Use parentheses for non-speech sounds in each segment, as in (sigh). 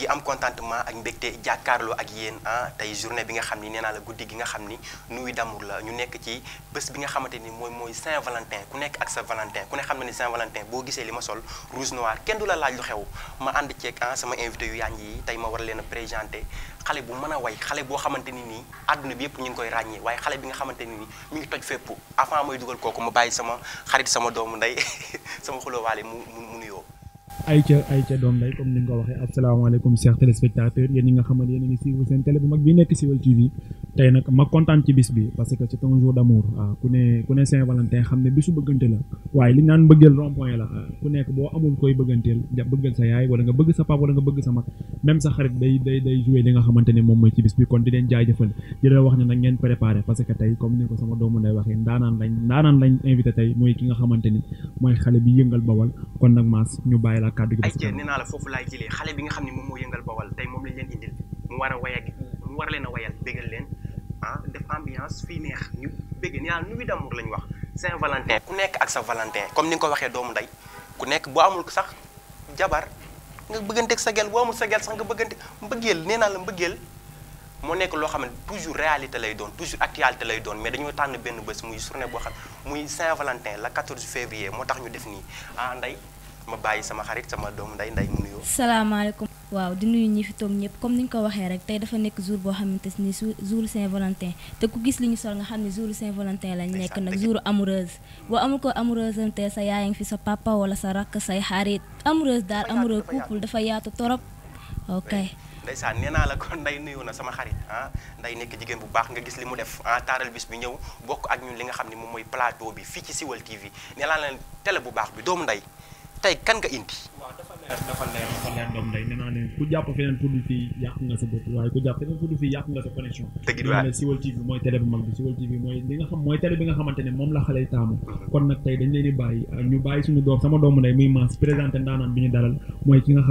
di am contentement ak mbégte jàkkaarloo ak yéen ah tey journée bi nga xam ni nee naa la guddi gi nga xam ni nuit d'amour la ñu nekk ci bés bi nga xamante ni mooy mooy Saint-Valentin ku nekk ak sa Valentin ku ne xam na ni Saint-Valentin boo gisee li ma sol rouge noir kenn du la laaj lu xew ma ànd ceeg ah sama invité yu yaañ yi tey ma war leen présenté xale bu mën a way xale boo xamante ni nii àdduna bi yëpp ñu ngi koy ràññee waaye xale bi nga xamante ni nii mu ngi toj fépp avant mooy dugal kooku ma bàyyi sama xarit sama doomu ndey (laughs) sama xuloowaale mu mu ay ayca doom lay comme ni nga ko waxee asalaamaaleykum chers téléspectateurs yéen ñi nga xamante yéen a ngi suivre seen télé bu mag bi nekk ci TV tey nag ma kontaan ci bis bi parce que c'est un jour d'amour waaw ah, ku ne ku ne Saint-Valentin xam ne bisu bëggante la waaye li naan mbëggeel rond la ah, ku nekk boo amul koy bëgganteel ja sa yaay wala nga bëgg sa papa wala nga bëgg sa mag même sa xarit day day day joué nga xamante ne moom mooy ci bis bi kon di leen jaajëfal di leen wax ne nag ngeen préparé parce que tey comme ni ko sama doomu nday waxee ndaanaan lañ ndaanaan lañ invité tey mooy ki nga ni mooy xale bi yëngal bawal kon nag maas ñu bàyyi la kàddu gi. moo mu war a way ak mu war leen a wayal bégal leen ah def ambiance fii neex ñu bégg naa nuit la ñu wax Saint-Valentin ku nekk ak sa Valentin comme ni nga ko waxee doomu ndey ku nekk boo amul sax jabar nga bëggante sa gel boo amul sa gel sax nga mbëggeel nee naa la mbëggeel moo nekk loo xam ne toujours réalité lay doon toujours actualité lay doon dañoo tànn benn bés muy journée boo xam muy Saint-Valentin la 14 février moo tax ñu def nii ah nday ma bàyyi sama xarit sama doom nday nday mu nuyoo. salaamaaleykum. waaw di nuyu ñi fi toog ñëpp comme ni ñu ko waxee rek tey dafa nekk jour boo xamante ni jour Saint-Valentin te ku gis li ñu sol nga xam ni jour Saint-Valentin lañ nekk nag jour amoureuse boo amul ko amoureuse ante sa yaay ngi fi sa papa wala sa rakk say xarit amoureuse daal amoureux couple dafa yaatu torop ok eh, ndeysaan nee naa la ko nday nuyu na sama xarit ah nday nekk jigéen bu baax nga gis li mu def ah taaral bis bi ñëw bokk ak ñun li nga xam ne moom mooy plateau bi fii ci Siweul TV nee naa bu baax bi doomu nday tey kan nga indi dafa leer dafa leer doom day nee naa leen ku jàpp feneen pour mhm. leen euh, ah,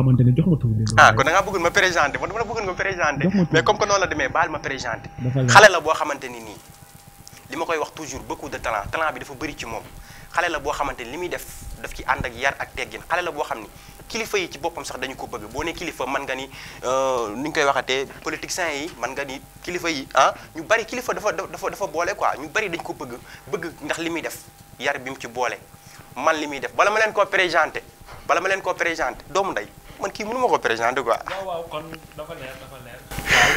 man dama la bëggoon ma ma koy wax toujours beaucoup de talent talent bi dafa bëri ci moom xale la boo xamante ni li muy def daf ci ànd ak yar ak teggin xale la boo xam ni kilifa yi ci boppam sax dañu ko bëgg boo ne kilifa man nga ni euh, ni ñu koy waxatee politiciens yi man nga ni kilifa yi ah ñu bari kilifa dafa dafa dafa boole quoi ñu bari dañ ko bëgg bëgg ndax li muy def yar bi mu ci boole man li muy def bala ma leen koo présenté bala ma leen koo présenté doomu ndey man kii mënu ma ko présenté quoi. waaw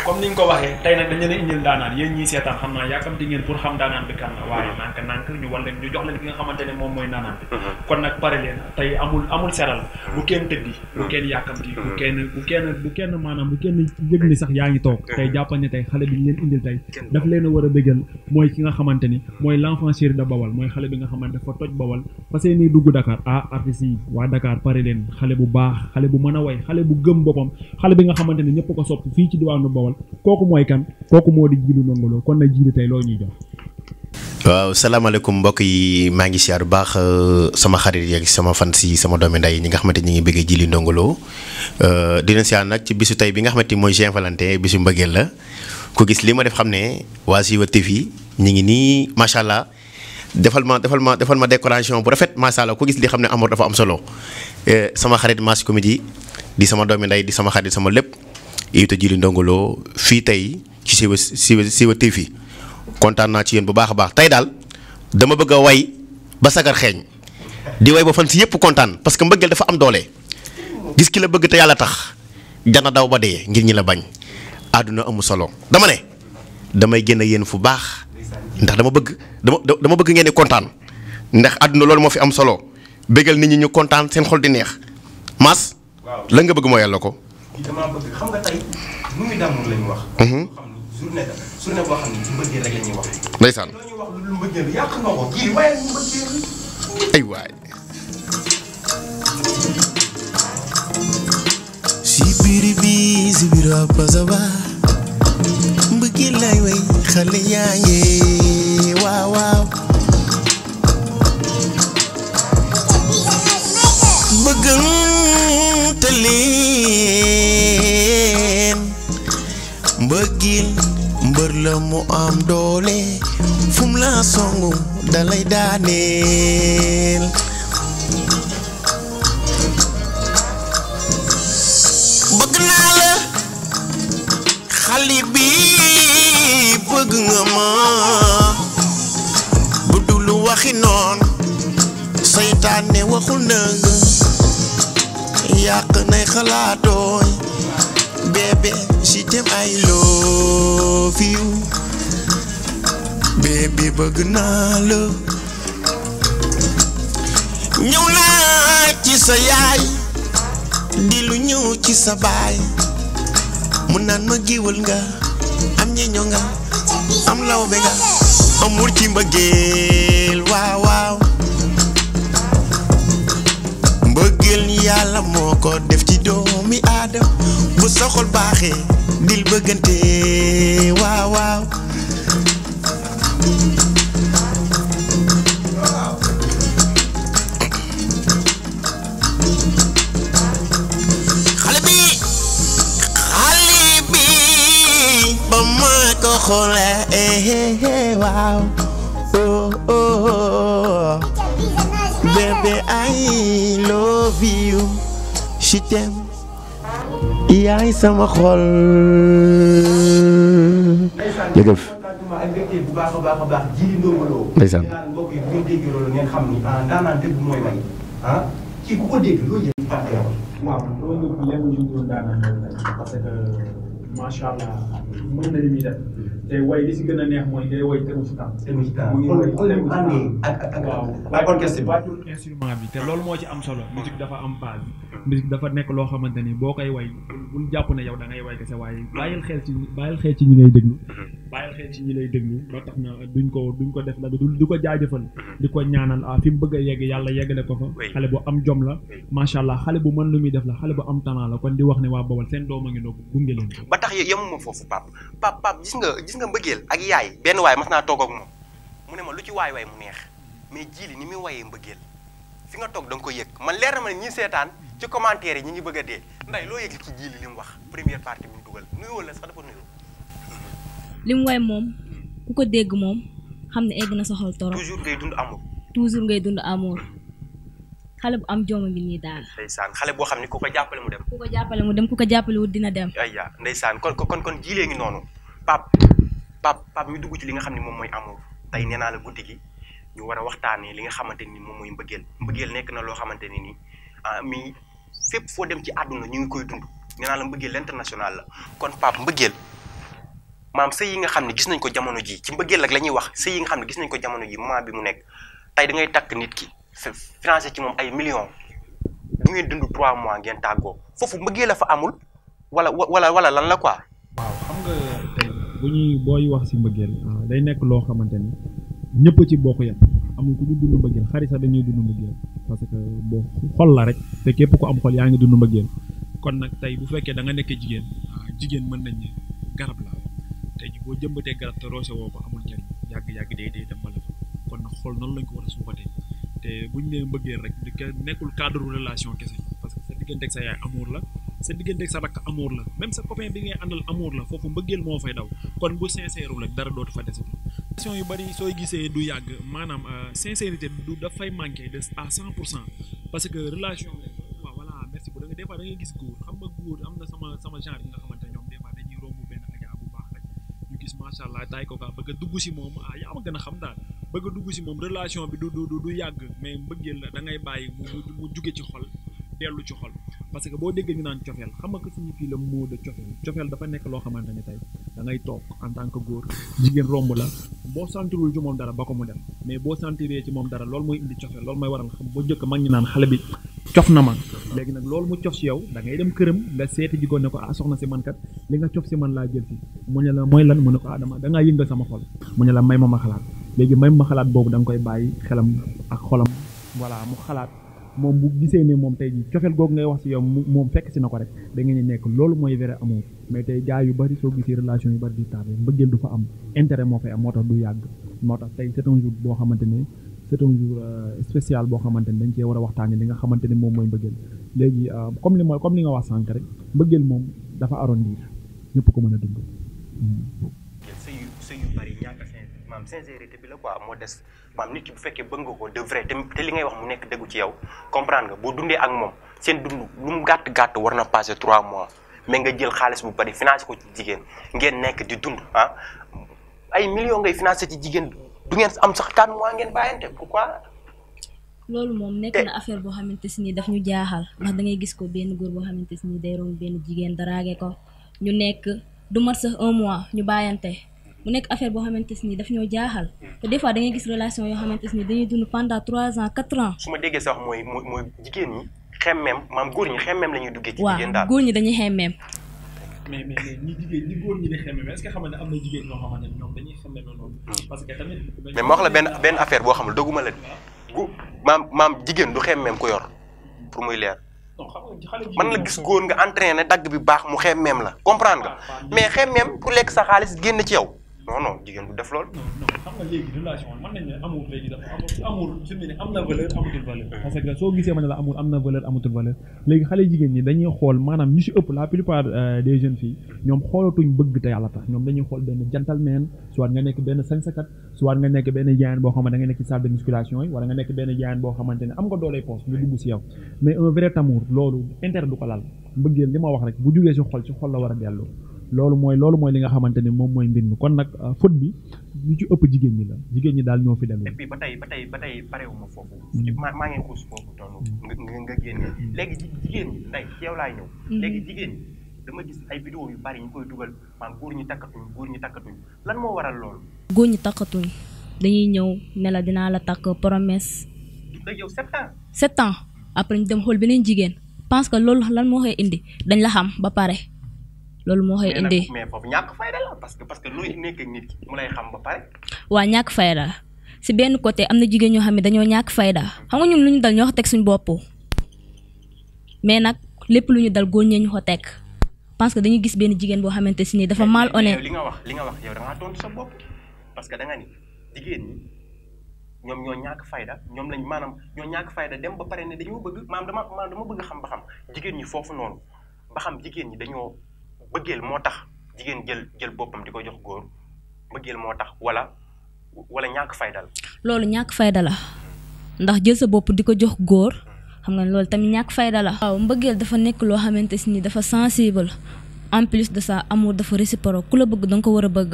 comme niñ ko waxee tey nag dañu leen indil daanaan yéen ñii seetaan xam naa di ngeen pour xam daanaan bi kan la waaye nànk nànk ñu wan leen ñu jox leen ki nga xamante ne moom mooy naanaan bi mhm. kon nag pare leen tey amul amul seral mhm. bu kenn tëddi bu mhm. kenn di bu kenn bu kenn bu kenn maanaam bu kenn yëg ni sax yaa ngi toog tey jàppal ne tey xale bi ñu leen indil tey daf leen a war a bëggal mooy ki nga xamante ni mooy l' enfant chéri de bawal mooy xale bi nga xamante dafa toj bawal parce que ni dugg Dakar ah artiste yi waa Dakar pare leen xale bu baax xale bu mën a way xale bu gëm boppam xale bi nga xamante ne ñëpp ko sopp fii ci diwaan Bawal Bawal kooku mooy kan kooku moo di jiilu ndongolo kon na jiilu tey loo ñuy jox waaw salaamaaleykum mbokk yi maa ngi siyaar baax euh, sama xarit yeeg sama fan si sama doomi nday ñi nga xamante ñi ngi bëggee jili ndongolo euh, dina siyaar nag ci bisu tey bi nga xamante mooy jean Valentin bisu mbëggeel la ku gis li ma def xam ne waa TV ñi ngi nii macha allah defal ma defal ma defal ma décoration bu rafet macha allah ku gis li xam amour dafa am solo euh, sama xarit Mass Comédie di sama doomi nday di sama xarit sama lépp Iwita Djily Ndongo Lo fii ci Siwe Siwe Siwe TV contane na ci yeen bu baax baax tay dal dama bëgg way ba sagar xeeñ di way bo fan ci yépp contane parce que mbeugël dafa am doole gis ki la bëgg te yalla tax jana daw ba dee ngir ñi la bañ aduna amu solo dama ne damay génn yeen fu baax ndax dama bëgg dama bëgg ngeen ni contane ndax aduna lool mo fi am solo nit ñi ñu contane seen xol di neex mas la nga bëgg mo yalla ko di damaa bëgg xam nga tey waaw waaw. leen mbëggil mbër la mu am doole fum la songu dalay daaneel bëgg naa la xale bi bëgg nga ma bu dul waxi noon seytaane waxul nëng Yak nay xalaatooñ baby si tem ay love you bébé bëgg naa la ñëw naa ci sa yaay di lu ñëw ci sa baay mu naan ma géwël nga am ñeño nga am lawbe nga amul ci mbëggeel waaw waaw yàlla moko def ci domi adam bu soxol baxé dil beugenté waaw waaw ba ma ko xolé eh eh waaw oh oh Baby, I love you. Je sama xol. macha allah mën na li muy te way li si gën a neex mooy day way tegu si temps. tegu si temps ak ak ak orchestre bi instrument bi te loolu moo ci am solo. musique dafa am base. musique dafa nekk loo xamante ni boo koy way bu jàpp ne yow da ngay way kese waaye bàyyil xel ci bàyyil xel ci ñi ngay déglu. Mm-hmm. bàyyi xel ci ñi lay déglu ba tax na duñ ko duñ ko def la du du ko jaajëfal di ko ñaanal ah fi mu bëgg a yegg yàlla yeggale ko fa xale bu am jom la macha allah xale bu mën lu muy def la xale bu am talent la kon di wax ne waa Bawol seen doom a ngi doog gunge leen ba tax yemuma gis nga gis nga mbëggeel yaay benn waay mas naa toog ak moom mu ne ma lu ci waay waay mu neex mais jili ni muy wayee mbëggeel si nga toog danga ko yëg man leer na ma ne ñi seetaan ci commentaire yi ñi ngi bëgg a dee nday loo wax première partie bi mu li mu way moom ku ko dégg moom xam ne egg na sa xol torop toujours ngay dund amour. toujours ngay dund amour xale bu am jooma ngi nii daal. ndeysaan xale boo xam ne ku ko jàppale mu dem. ku ko jàppale mu dem ku ko jàppale wut dina dem. aywa ndeysaan kon kon kon jiilee ngi noonu pap pap pap ñu dugg ci li nga xam ne moom mooy amour tey nee naa la guddi gi ñu war a waxtaanee li nga xamante ni moom mooy mbëggeel mbëggeel nekk na loo xamante ne nii ah mi fépp foo dem ci àdduna ñu ngi koy dund nee naa la mbëggeel international la kon pap mbëggeel. maam sëy yi nga xam ne gis nañ ko jamono ji ci mbëggeel ak la ñuy wax sëy yi nga xam ne gis nañ ko jamono ji moment bi mu nekk tey da ngay takk nit ki financé ci moom ay millions du ngeen dund trois mois ngeen tàggoo foofu mbëggeel la fa amul wala wala wala lan la quoi. waaw xam nga ñuy booy wax si mbëggeel ah, day nekk loo xamante ni ñëpp ci bokk yam amul ku ñu dund mbëggeel xarit dañuy dund mbëggeel parce que boo xol la rek te képp ko am xol yaa ngi dund mbëggeel kon nag tey bu fekkee da nga nekk jigéen ah, jigéen mën nañ ne garab la boo jëmbatee garab te roose woo ko amul njariñ yàgg yàgg day day dem ba la fa kon nag xool noonu lañ ko war a suuxatee te buñ nee mbëggeel rek nekkul cadre relation kese parce que sa digganteeg sa yaay amour la sa digganteeg sa rakk amour la même sa copain bi ngay àndal amour la foofu mbëggeel moo fay daw kon bu sincère rek dara dootu fa desati relation yu bari sooy gisee du yàgg maanaam euh, sincérité du dafay manqué de à cent pour cent parce que gis macha allah taay ko a bëgg a dugg si moom ah yaa ma gën a xam daal bëgg a dugg si moom relation bi du du yàgg mais mbëggeel la da bàyyi mu mu juge ci xol dellu ci xol parce que boo déggee ñu naan cofeel xam nga que suñu fii la mot de cofeel cofeel dafa nekk loo xamante ne tey da ngay toog en tant que góor jigéen romb la boo sentirul ci moom dara ba ko mu dem mais boo sentiree ci moom dara loolu mooy indi cofeel loolu mooy waral xam boo njëkk ñi naan xale bi cof na ma léegi nag loolu mu cof si yow da ngay dem këram nga seeti jigoon ne ko ah soxna si man kat li nga cof si man laa jël si mu ne la mooy lan mu ne ko ah dama da ngaa yëngal sama xol mu ne la may ma ma xalaat léegi may ma xalaat boobu danga koy bàyyi xelam ak xolam voilà mu xalaat moom bu gisee ne moom tey ji cofeel googu ngay wax si yow moom fekk si na ko rek da ni nekk loolu mooy vrai amour mais tey gars yu bari soo gisee relation yu bari di tabe mbëggeel du fa am intérêt moo fay moo tax du yàgg moo tax tey c'est un boo xamante ne c'est un jour spécial boo xamante ne dañ cee war a waxtaane li nga xamante ne moom mooy mbëggeel léegi euh, comme li mooy comme li nga wax sànq rek mbëggeel moom dafa arrondir ñëpp ko mën a dund sëyu maam sincérité bi la quoi moo des maam nit ki bu fekkee ko de vrai te te li ngay wax mu nekk dëggu ci yow comprendre nga boo dundee ak moom seen na trois mois mais nga jël xaalis bu financé ko di dund ah ay millions ngay financé ci jigéen du ngeen am sax quatre mois ngeen bàyyante pourquoi. loolu moom nekk eh. na affaire boo xamante si nii daf ñu jaaxal ndax da gis ko benn góor boo xamante si ni day benn jigéen daraage ko ñu nekk du mat sax un mois ñu bàyyante mu nekk affaire boo xamante si ni daf ñoo jaaxal te des fois da ngay gis relation yoo xamante si ni dañuy dund pendant trois ans quatre ans. su ma déggee sax mooy mooy mooy jigéen ñi xemmeem maam góor ñi xemmeem la duggee. ci jigéen daal góor ñi dañuy xemmeem. mais mais mais ñi ne am na jigéen ñoo xamante ne ñoom dañuy xemme hmm. parce que tamit. mais ma wax la benn benn affaire boo xam ne dëgguma la ah. gu maam maam jigéen du xemmeem ku yor pour muy leer. man na gis góor nga entraîné dagg bi baax mu xemmeem la comprendre nga ah, ah, mais xem xemmeem ku lekk sa xaalis génn ci yow non non jigéen du def loolu. non nañu ne amour léegi dafa amour am na valeur amatul valeur. Mm. parce que soo gisee ma ne la amour am na valeur amatul valeur léegi xale jigéen ñi dañuy xool maanaam ñu si ëpp la plupart euh, des jeunes filles mm. ñoom xoolatuñ bëgg te yàlla tax ñoom dañuy xool benn gentleman soit nga nekk benn sañsakat soit nga nekk benn jaayeen boo xamante da nga nekk ci salle nga nekk benn jaayeen boo xamante ne am nga dooley poos ñu dugg si yow mais un vrai amour loolu intérêt du ko lal mbëggeel li ma wax rek bu jugee si xol si xol la war a dellu loolu mooy loolu mooy li nga xamante ni moom mooy mbir mi kon nag euh, faute bi ñu ci ëpp jigéen ñi la jigéen ñi daal ñoo fi demee. et puis ba tey ba tey ba tey parewuma foofu. Mm. maa maa ngi xuus foofu toll. Mm. nga nga génnee mm. léegi jigéen ñi dama gis ay vidéo yu bari ñu koy dugal maanaam góor ñi takkatuñ góor ñi takkatuñ lan moo waral loolu. góor ñi takkatuñ dañuy ñëw ne la dinaa la takk promesse. léegi yow sept ans. sept après ñu dem xool bi beneen jigéen. pense que loolu lan moo koy indi dañ la xam ba pare. loolu moo koy indi mais foofu ñàkk fayda la parce que parce que nooy nekk ak nit ki mu lay xam ba pare. waa ñàkk fayda si benn côté am na jigéen ñoo xam ne dañoo ñàkk fayda xam nga ñun lu ñu dal ñoo teg suñu bopp mais nag lépp lu ñu dal góor ñee ñu ko teg parce que dañuy gis benn jigéen boo xamante si nii dafa mal honnête. li nga wax li nga wax yow sa bopp parce que da ñoom ñoo ñàkk fayda ñoom lañ maanaam ñoo ñàkk fayda dem ba pare ne dañoo bëgg maanaam dama bëgg xam ba xam jigéen ñi foofu noonu ba xam jigéen ñi dañoo bëggeel moo tax jigéen jël jël boppam di ko jox góor bëggeel moo tax wala wala ñàkk fayda la loolu ñàkk fayda la ndax jël sa bopp di ko jox góor xam nga loolu tamit ñàkk fayda la waaw mbëggeel dafa nekk loo xamante si ni dafa sensible en plus de ça amour dafa réciproque ku la bëgg da nga ko war a bëgg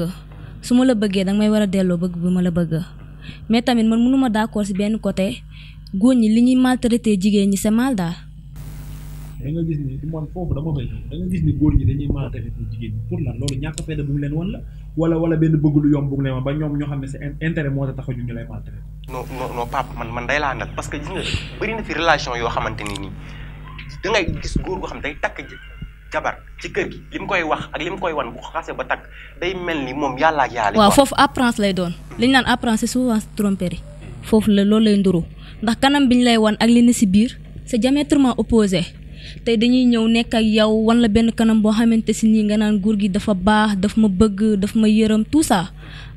su ma la bëggee da nga may war a delloo bëgg bi ma la bëgg mais tamit man mënuma d'accord si benn côté góor ñi li ñuy maltraité jigéen ñi c'est mal daal da nga gis ni man foofu dama fay da nga gis ni góor ñi dañuy a defee pour jigéen ñi xam ne c'est intérêt moo tax a ñu da ngay gis góor goo xam day takk jabar ci kër gi li mu koy wax ak li mu koy wan bu xasee ba takk day mel ni moom yàlla ak yàlla. waaw foofu apparence lay doon. li ñu naan apparence c'est souvent tromperie. foofu la loolu lay nduru ndax kanam bi ñu lay wan ak li ne si biir c'est diamétralement opposé tey dañuy ñëw nekk ak yow wan la benn kanam boo xamante si nii nga naan góor gi dafa baax dafa ma bëgg daf ma yërëm tout ça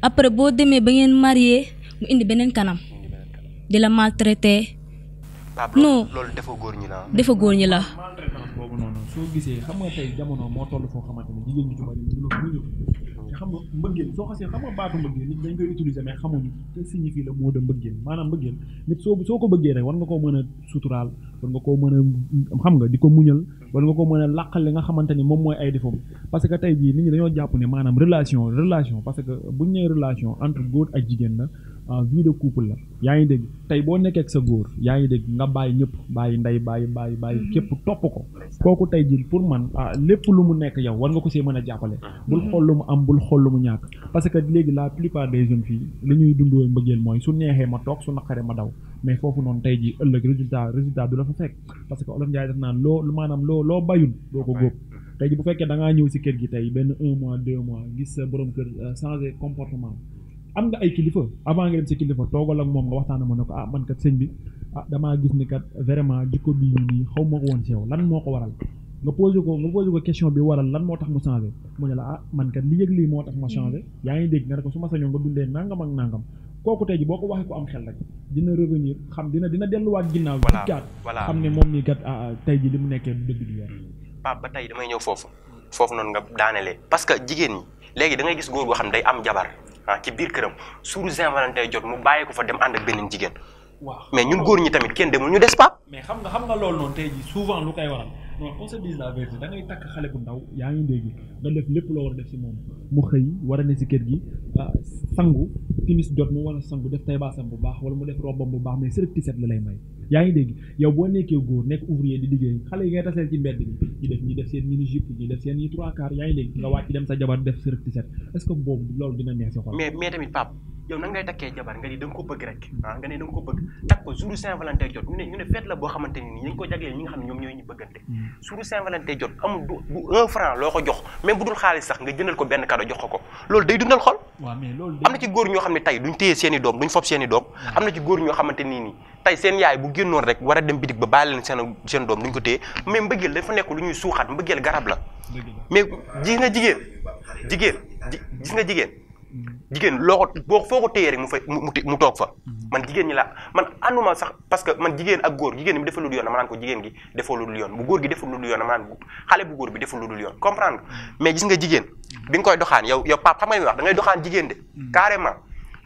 après boo demee ba ngeen marié mu indi beneen kanam di la maltraité. non góor ñi la xam nga mbëggeel soo xasee xam nga baatu mbëggeel nit dañ koy utiliser mais xamuñu te signifie la moo de mbëggeel maanaam mbëggeel nit soo soo ko bëggee rek war nga koo mën a suturaal war nga koo mën a xam nga di ko muñal war nga koo mën a làqal li nga xamante ni moom mooy ay defam parce que tey jii nit ñi dañoo jàpp ne maanaam relation relation parce que buñ nee relation entre góor ak jigéen la vie de couple la yaa ngi dégg tey boo nekkee ak sa góor yaa ngi dégg nga bàyyi ñëpp bàyyi ndey bàyyi bàyyi bàyyi mhm. képp topp ko kooku tey jii pour man ah, lépp lu mu nekk yow war nga ko see mën a jàppale ah. bul xool lu mu am bul xool lu mu ñàkk parce que léegi la plupart des jeunes fii li ñuy dundoo mbëggeel mooy su neexee ma toog su naqaree ma daw mais foofu noonu tey jii ëllëg résultat résultat du la fa fekk parce que olof njaay def naan loo maanaam loo loo bayul doo ko góob tey ji da ngaa ñëw si kër gi tey benn un mois deux mois gis borom kër euh, comportement am nga ay kilifa avant nga dem sa kilifa toogal ak moom nga waxtaan ma ne ko ah man kat sëñ bi ah damaa gis ni kat vraiment jikko bii nii xaw ma ko woon si yow lan moo ko waral nga posé ko nga posé ko question bi waral lan moo tax mu changé mu ne la ah man kat li yëg lii ma changé mm. yaa ngi dégg nga ne ko su ma sañoon nga dundee nangam ak kooku tey ji boo ko waxee ko am xel rek dina revenir xam dina dina delluwaat ginnaaw. voilà voilà ne moom kat ah, ah, tey ji li mu nekkee du dëgg du mm. Pape ba nga daanelee parce que jigéen ñi léegi da ngay gis góor goo am jabar ah ci biir këram suuru Saint-Valentin jot mu bàyyi fa dem ànd ak beneen jigéen. waaw mais ñun góor ñi tamit kenn demul ñu des Pape. mais xam nga xam nga loolu noonu tey jii souvent lu koy waral non on se dit la vérité da takk xale bu ndaw yaa ngi dégg nga def lépp loo war a def si moom mu xëy wara a ne si kër gi ah, sangu timis jot mu war a sangu def tay bu baax wala mu def robam bu baax mais sërëb tiset la lay may yaa ngi dégg yow boo nekkee góor nekk ouvrier di liggéey xale yi ngay taseel ci mbedd bi ñu def seen mini jupe ñu def seen yi trois quarts yaa ngi dégg nga wàcc dem sa jabar def sërëb tiset est que boobu loolu dina neex yow nan ngay takkee jabar nga ni da nga ko bëgg rek ah nga ne da ko bëgg takk ko jouru Saint-Valentin jot ñu ne ñu la boo xamante nii dañ nga xam ne ñoom ñooy ñu bëggante mm. jouru Saint-Valentin jot ko jox même bu dul xaalis sax nga jëndal ko benn cadeau jox ko ko loolu day dundal xol am na ci góor ñoo xam ne tey duñ téye seen i doom duñ fob seen mm. na ci góor ñoo xamante nii nii tey seen yaay bu génnoon rek war a dem bitig ba baa leen seen seen doom duñ ko téye mais mbëggeel dafa nekk lu ñuy suuxaat mbëggeel garab la mais gis nga jigéen jigéen gis nga jigéen jigéen loo boo foo ko téye rek mu fay mu toog fa mm-hmm. man jigéen ñi la man anuma sax parce que man jigéen ak góor jigéen bi defal lu dul yoon dama naan ko jigéen gi defal lu dul yoon bu góor gi defal lu dul yoon dama naan xale bu góor bi defal lu dul yoon comprendre mm-hmm. mais gis nga jigéen mm-hmm. bi nga koy doxaan yow yow pap xam nga wax da ngay doxaan jigéen de carrément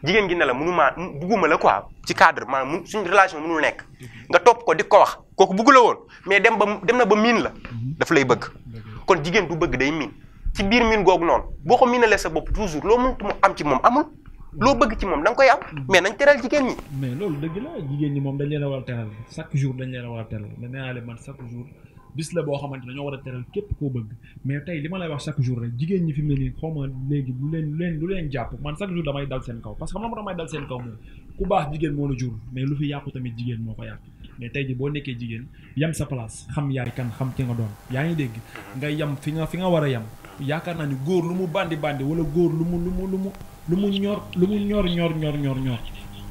jigéen gi ne la mënuma bëgguma la quoi ci cadre maanaam suñ relation mënul nekk nga topp ko di ko wax kooku bëggu la woon mais dem ba dem na ba miin la daf lay bëgg kon jigéen du bëgg day miin ci biir miin googu noonu boo ko miinalee sa bopp toujours loo mënut mu am ci moom amul loo bëgg ci moom da nga koy am mais nañ teral jigéen ñi. mais loolu dëgg la jigéen ñi moom dañ leen a war a teral chaque jour dañ leen a war a teral mais nee naa leen war a teral képp koo bëgg mais tey li ma lay wax chaque jour rek jigéen ñi fi mu ne nii xaw ma léegi lu leen leen jàpp man chaque jour damay dal seen kaw parce que xam nga damay dal seen kaw moom ku baax jigéen moo la jur mais lu fi yàqu tamit jigéen moo ko yàq mais tey ji boo nekkee jigéen yam sa place xam yaay kan xam ki nga doon yaa ngi dégg nga yam fi nga fi nga war a yam yaakaar naa ni góor lu mu bandi bandi wala góor lu mu lu mu lu mu lu mu ñor lu mu ñor ñor ñor ñor ñor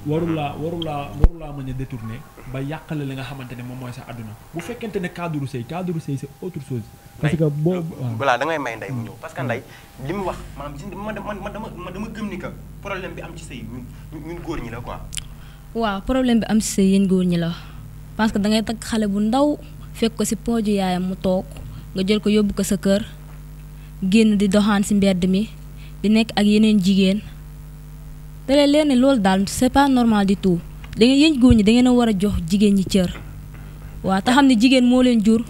warulaa warulaa warulaa mën a détourner ba yàqale li nga xamante ne moom mooy sa aduna bu fekkente ne cadre sey cadre sey c'est autre chose parce que boo voilà da ngay may nday mu ñëw parce que hmm. nday li mu wax maanaam gis man man dama man dama gëm ni que problème bi am ci sey ñun ñun góor ñi la quoi waaw problème bi am ci sey yéen góor ñi la parce que da ngay takk xale bu ndaw fekk ko si pooju yaayam mu toog nga jël ko yóbbu ko sa kër génn di doxaan si mbedd mi di nekk ak yeneen jigéen te lay leer loolu daal c'est pas normal du tout da ngeen goo góor ñi da ngeen war a jox jigéen ñi cër waa te xam ne jigéen moo leen jur.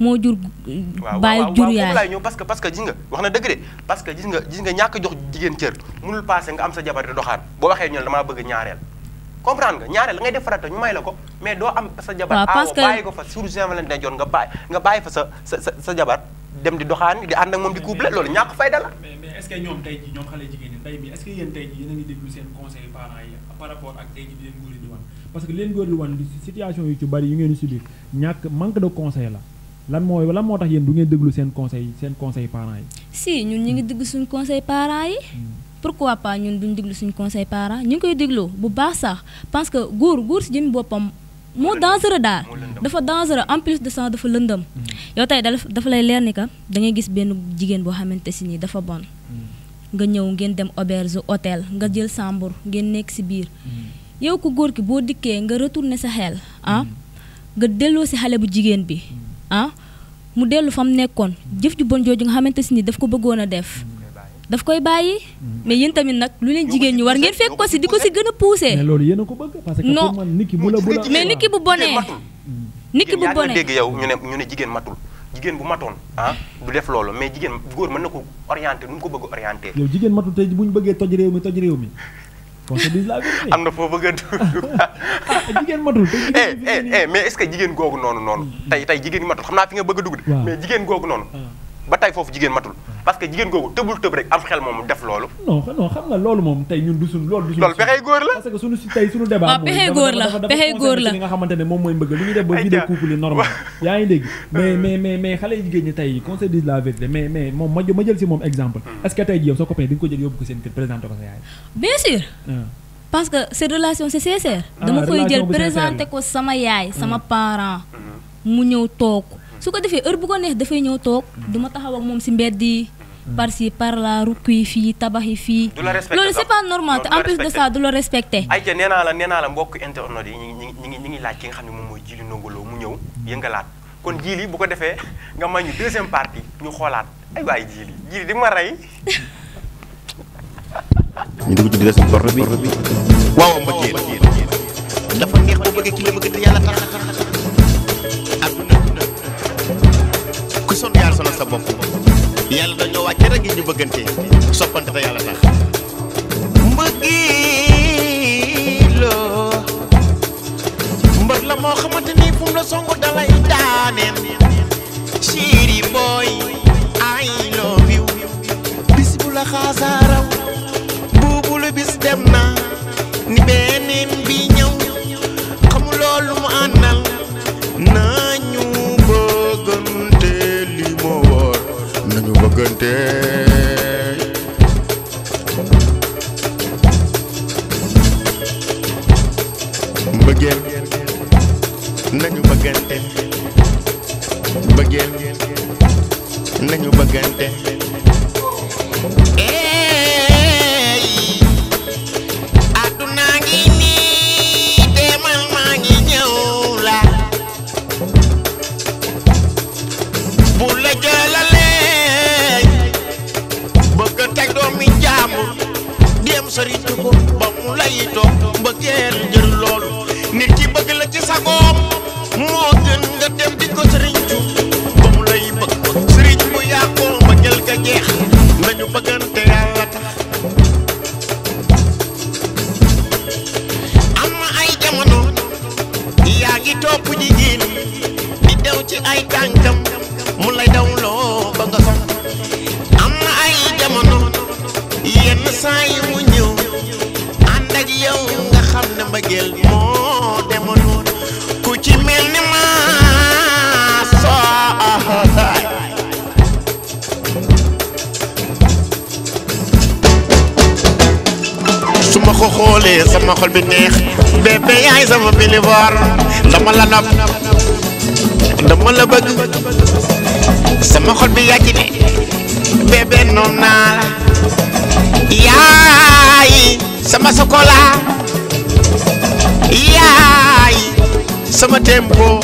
moo jur bàyyi jur yaay waaw ñëw parce que parce nga wax na dëgg de parce que nga ñàkk jox jigéen cër mënul passé nga am sa jabar di doxaan boo waxee ñoom damaa bëgg ñaareel. comprendre nga ñaareel la ngay def farata ñu may la ko mais doo am sa jabar. waaw parce que bàyyi ko fa sur Saint-Valentin nga bàyyi nga bàyyi fa sa sa sa jabar dem di doxaan di ànd ak moom di couple loolu ñàkk fayda la. mais mais ñoom tey jii ñoom xale jigéen ñi tey bi est-ce que yéen tey ngi déglu seen conseil parents yi par rapport ak tey jii di leen góor parce que leen góor di wan yu ci bari yu ngeen di ñàkk manque de conseil la lan mooy lan moo tax yéen du ngeen déglu seen conseil seen conseil parents yi. si ñun ñu ngi déglu suñu conseil parents yi. Hmm. pourquoi pas ñun duñ moo dangereux daal dafa dangereux en de ça dafa lëndëm mm. yow tey dafa lay leer ni que da ngay gis benn jigéen boo xamante si nii dafa bon mm. nga ñëw ngeen dem auberge hôtel nga jël sambur ngeen nekk si biir mm. yow ko góor gi boo dikkee nga retourné sa xel ah, nga delloo si xale bu jigéen bi ah mu dellu fa mu nekkoon jëf ju bon jooju nga xamante si nii daf ko bëggoon a def daf koy bàyyi mais yéen tamit nag lu leen jigéen ñi war ngeen fekk ko si di ko si gën a poussé. mais loolu yéen ko bëgg parce que non mais nit ki bu bonee nit ki bu bonee dégg yow ñu ne ñu ne jigéen matul jigéen bu matoon ah du def loolu mais jigéen góor mën na ko orienté nu ko bëgg orienté yow jigéen matul tey bu ñu bëggee toj réew mi am na foo bëgg a dugg ah, jigéen matul eh eh, eh mais est ce que jigéen googu noonu noonu tey tey jigéen matul xam naa fi nga bëgg dugg de mais jigéen googu noonu ah. ba tey foofu jigéen matul parce que jigéen googu tëbul tëb rek am xel moom def loolu. non non xam nga loolu moom tey ñun du suñ loolu. du suñ loolu pexe góor moom mooy (laughs) euh. exemple. est-ce que tey jii ah. ah, dama koy jël présenté ko sama yaay sama hmm. parent hmm. mu ñëw toog su ko defee heure bu ko neex dafay ñëw toog mm. du ma taxaw ak moom si mbedd yi par ci par la rukk fi tabahi fi loolu c'est pas normal te en plus de ça du la respecté. ayca nee naa la nee naa la mbokk internet yi ñi ngi ñi ngi laaj ki nga xam ne moom mooy Djily Ndongo Lo mu ñëw yëngalaat kon jili bu ko defee nga may ñu deuxième partie ñu xoolaat ay waay jili jili di ma rey. ñu dugg ci deuxième sorte bi. waaw ma yi dafa neex bu bëgg ki la bëgg te yàlla tax sonn yaa sonal sa bopp yàlla dañoo wàcce rek ñu bëggante soppante te yàlla tax mbëggiloo mbër la moo xamante ni fu la songu dalay daaneen chéri boy I love bis bu la xaasaaraw buubu lu bis dem na ni beneen bi bëggante mbëggeel nañu bëggante mbëggeel nañu bëggante sama sokola yaay sama tempo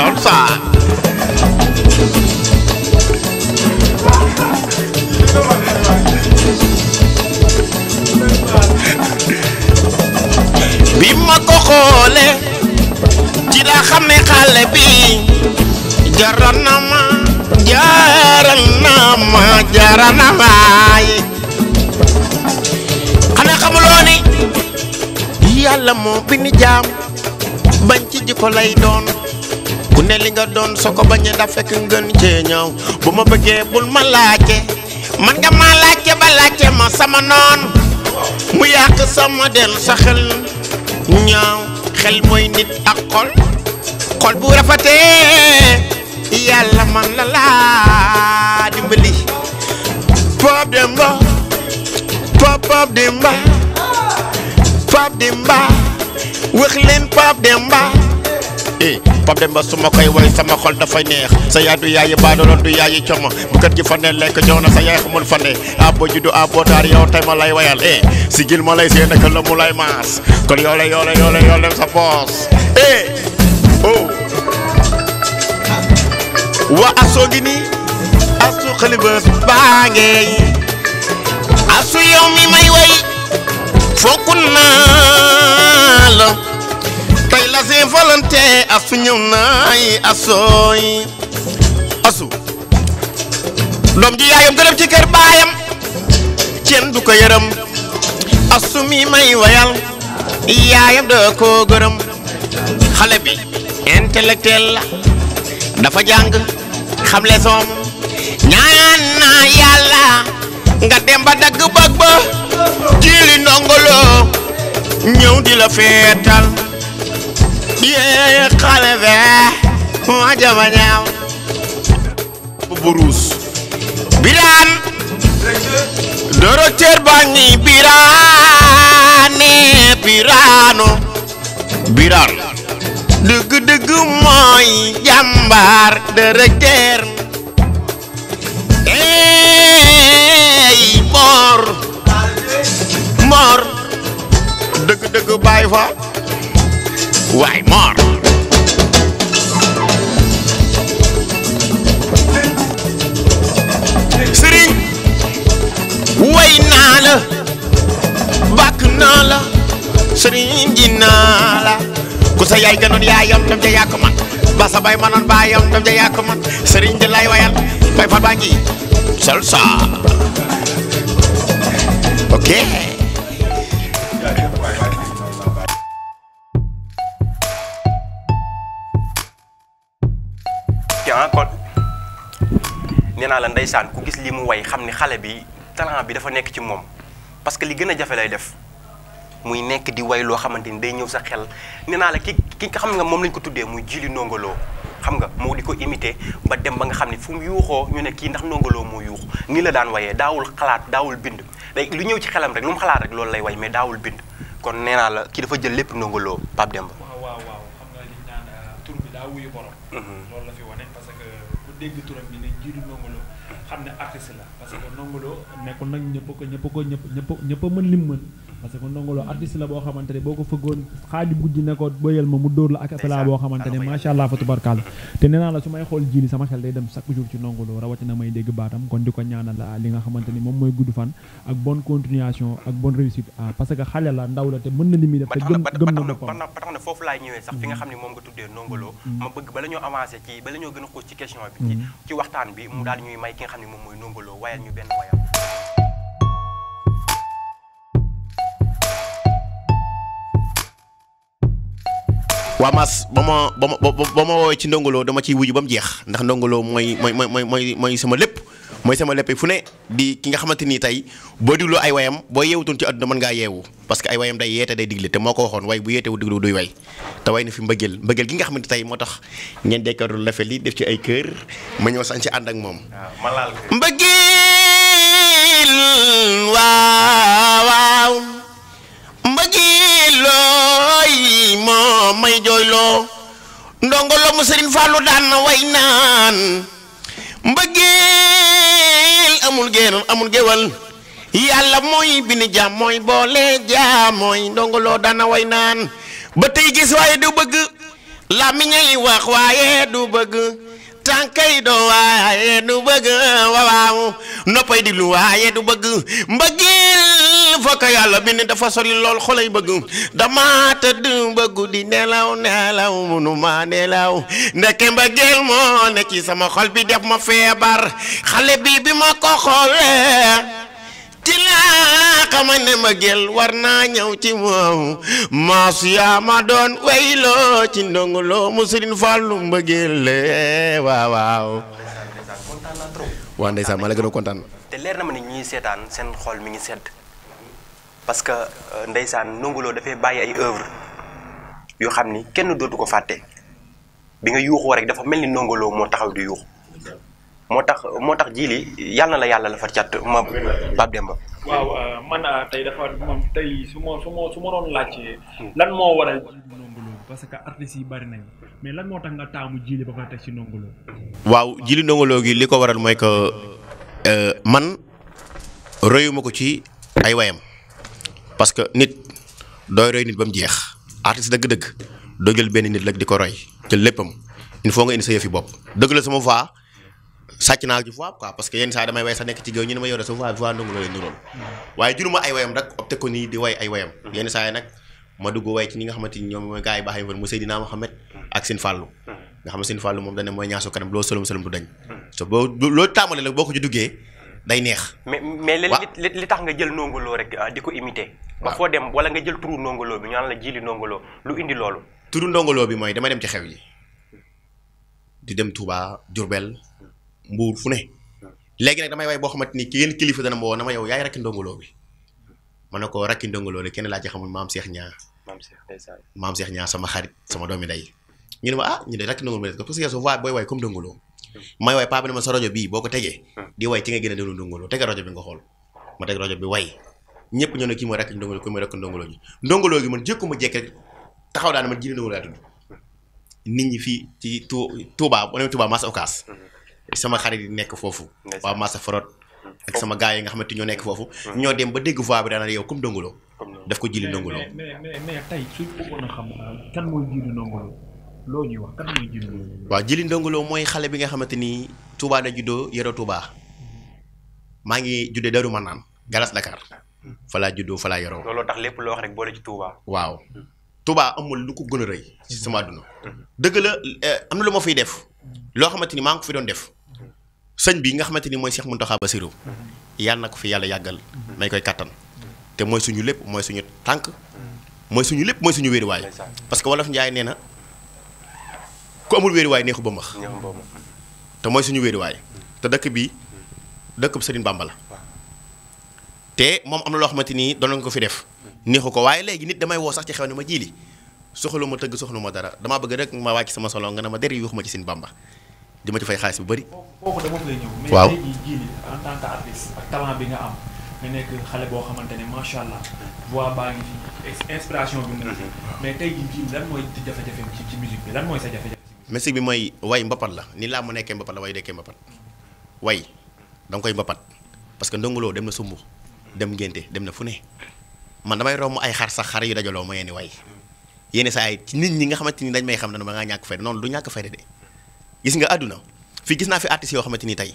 salsa. Bima ma ko xoolee ci la xamee bi jaranama jaranama jaranama yi xanaa xamuloo ni yàlla moo bind jaam bañ lay ku ne li nga soko bañe da fek ngeen ci ñaw bu ma bul ma laaje man nga ma laaje ba laaje ma sama non mu yaq sama del sa xel ñaw xel moy nit akol, kol bu rafaté yalla man la la dimbali pop demba pop pop demba pop demba wax leen pop demba eh dem ba suma koy way sama xol fay neex sa yaay ba do baadoloon du yaay coma bu kat gi fane lek joona sa yaay xamul fane abo a bo tar yow tay ma lay wayal eh sigil ma lay seen nak la mu lay mas ko yole yole yole yole sa boss eh oh wa aso gi ni khaliba xaliba aso yomi yow mi may way fokuna la xasee volonté asu ñëw naay asooy asu doom ji yaayam dërëm ci baayam ceen du ko yërëm asu mi may wayal yaayam da ko xale bi intellectuel dafa jàng xam leçon ñaan naa yàlla nga dem ba dagg bag ba jili ndongolo ñëw di la feetal yee xale bee ma ñaaw bu buruus biraan doroteer bañi biraane biraano biraan dëgg dëgg mooy jàmbaar doroteer eey moor moor dëgg dëgg baay fa waay Mor. Serigne. way naa la. bàkk naa la. Serigne ji naa la. ku sa yaay gënoon yaayam tam ja yaa ko man. ba sa bay manoon baayam tam ja yaa ko man. Serigne ji lay wayal. bay fa baa ngi. salsa. ok. naa la ndeysaan ku gis limu way xamni xalé bi talent bi dafa nekk ci mom parce que li gëna jafé lay def muy nekk di way lo xamanteni day ñew sa xel nena la ki ki nga xam nga mom lañ ko tuddé muy jili nongolo xam nga mo diko imiter ba dem ba nga xamni fu mu yuxo ñu ne ki ndax nongolo mo yuux ni la daan wayé daawul xalaat daawul bind day lu ñew ci xelam rek lu mu xalaat rek lool lay way mais daawul bind kon nena la lip dafa jël lepp Wow wow Demba. waaw waaw waaw xam nga li ñu naan euh, bi daa wuyu borom. Mhm. la fi xam ne artiste la parce que ah. Ndongo Lo nekkul nag ñëpp ko ñëpp ko ñëpp ñëpp ñëpp a mën lim mën parce que ndongo lo artiste la boo xamante ne boo ko fëggoon xaaju guddi ne ko bëyal ma mu dóor la ak appela boo xamante ne macha allah fa tubarkalla te nee naa la su may xool jili sama xel day dem chaque jour ci ndongo lo rawatina may dégg baatam kon di ko ñaanal li nga xamante moom mooy gudd fan ak bonne continuation ak bonne réussite ah, parce que xale la ndaw la te mën na li def te gëm gëm na boppam foofu laay ñëwee sax fi nga mm-hmm. xam ne moom nga tuddee mm-hmm. a xuus ci question bi mm-hmm. ci waxtaan bi mu daal wa mas bama bama bama ma ba ma woowee ci ndongolo dama ciy wuju ba mu jeex ndax ndongolo mooy mooy mooy mooy mooy sama lépp mooy sama lépp fu ne di ki nga xamante ni tey boo diglu ay wayam boo yeewutoon ci àdduna mën ngaa yeewu parce que ay wayam day yeete day digle te moo ko waxoon way bu yeete wu diglu duy way te way na fi mbëggeel mbëggeel gi nga xamante tey moo tax ngeen dekkaru lafe li def ci ay kër ma ñëw sañ ci ànd ak moom mbëggeel wa wa looy moo may jooyloo ndongo lo mu sëriñ Fallou daan na way naan mbëggeel amul génn amul géwal yàlla mooy bi jaam mooy boole jaam ndongo loo daan way naan ba tey gis waaye du bëgg làmmiñ ay wax waaye du bëgg tànkay doo waaye du bëgg waawaaw noppay diglu waaye du bëgg mbëggeel fokk yàlla bind dafa sori lool xolay bëgg dama tëdd bëggu di nelaw nelaw munuma nelaw ndeke mbëggeel moo ne sama xol bi def ma feebar xale bi bi ma ko xoolee ci laa xamal ne ma gel war naa ñëw ci moom maas yaa ma doon wayloo ci ndongo loo mu Sëriñ Fallu mbëggeel waaw waaw waa ndeysaan ma la gën a kontaan te leer na ma ne ñuy seetaan seen xol mi ngi sedd parce que Lo dafay bàyyi ay œuvre yo xam kenn dootu ko fàtte bi nga yuuxoo rek dafa mel ni taxaw di yuuxu motax motax jili yalla la yalla la fa ciat ma bab demba waaw euh, man euh, tay dafa mom tay suma suma suma ron laccé lan mo waral nongolo parce que artiste yi bari nañ mais lan motax nga tamu jili ba fa tek ci nongolo waaw jili nongolo gi liko waral moy ko euh man reyuma ko ci ay wayam parce que nit doy roy nit bam jeex artiste deug deug do jël ben nit lak diko roy te leppam il faut nga indi sa yefi bop deug la sama voix sàcc naa ci voix quoi parce que yenn saa damay way sax nekk ci géew ñu ne ma yow de sa voix voix ndongo ma dugg way ci ñi nga xamante ni ñoom mooy gars yi baax yi fan mu Seydina Mohamed ak moom dane mooy ñaasu kanam loo sëlum sëlum du dañ so boo loolu tàmbalee nag boo ko ci duggee day tax nga jël Ndongo Lo rek euh, ko imité ba foo dem wala nga jël turu Ndongo Lo bi la jili Ndongo Lo lu indi loolu turu Ndongo Lo bi mooy dama dem ci xew yi di dem Touba Diourbel mbuur fu ne hmm. léegi nag damay way boo xamante ni ki yenn kilifa dana ma woo na ma yow yaay rakki ndongoloo bi ma ne ko rakki ndongoloo li kenn laa ci xamul maam Cheikh Niang maam Cheikh Niang sama xarit sama doomi day ñu ne ma ah ñu ne rakki ndongoloo bi parce que yow sa voix booy way comme ndongoloo hmm. may way bi boo ko tegee hmm. di way ci nga gën a déglu ndongoloo tege rajo bi nga xool ma teg rajo bi way ñëpp ñoo ne kii mooy rakki ndongoloo kii mooy rakki ndongoloo ji ndongoloo gi man jékkuma jekk rek taxaw daal ma jine ndongoloo laa tudd nit ñi fi ci Touba bu ne Touba Massa Ocass sama xarit yi nekk foofu. waa Massa Forod ak sama gaa yi nga xamante ñoo nekk foofu. Mm-hmm. ñoo dem ba dégg voix bi daanaka yow comme Ndongo daf ko jili Ndongo Lo. mais mais mais a xam euh, loo ñuy wax kan mooy waaw jili Ndongo mooy xale bi nga xamante ni Touba la juddoo yore Touba mm-hmm. maa ngi juddee Darou Manane Galas Dakar fa laa juddoo fa laa yoroo. looloo tax lépp loo wax rek boole ci Touba. waaw mm-hmm. Touba amul lu ko gën a rëy. ci sama àdduna. dëgg la euh, am na lu ma fiy def. loo xamante ni maa ngi ko fi doon def. sëñ bi nga xamante ni mooy Cheikh Mountakha Bassirou yàlla na ko fi yàlla yàggal may koy kàttan te mooy suñu lépp mooy suñu tànk mooy suñu lépp mooy suñu wéeruwaay parce que wolof Njaay nee na ku amul wéeruwaay neexu ba max te mooy suñu wéeruwaay te dëkk bi dëkk bu Sëriñ Bàmba te moom am na loo xamante ni doon ko fi def neexu ko waaye léegi nit damay woo sax ci xew ne ma jiili soxalu ma tëgg soxalu ma dara damaa bëgg rek ma wàcc sama solo nga ne ma der yuux ma ci Sëriñ Bàmba di ma ci fay xaalis bu bari oh, kooku dama fay ñew mais tey jii jii en tant que artiste ak talent bi nga am nga nek xalé bo xamantene ma sha allah voix ba ngi fi inspiration bu ngi mais tay gi jii lan moy ci jafé jafé ci musique bi lan moy sa jafé jafé musique bi moy way mbapat la ni la mo nekké mbapat la way dekkee mbapat way dang koy mbapat parce que ndongulo dem na sumbu dem ngenté dem na fune man damay romb ay xar sax xar yu dajalo mo yéen way yéen sa ay nit ñi nga xamanteni dañ may xam na ma nga ñak fay non du ñak fay de gis nga àdduna fii gis naa fi artistes yoo xamante ni tey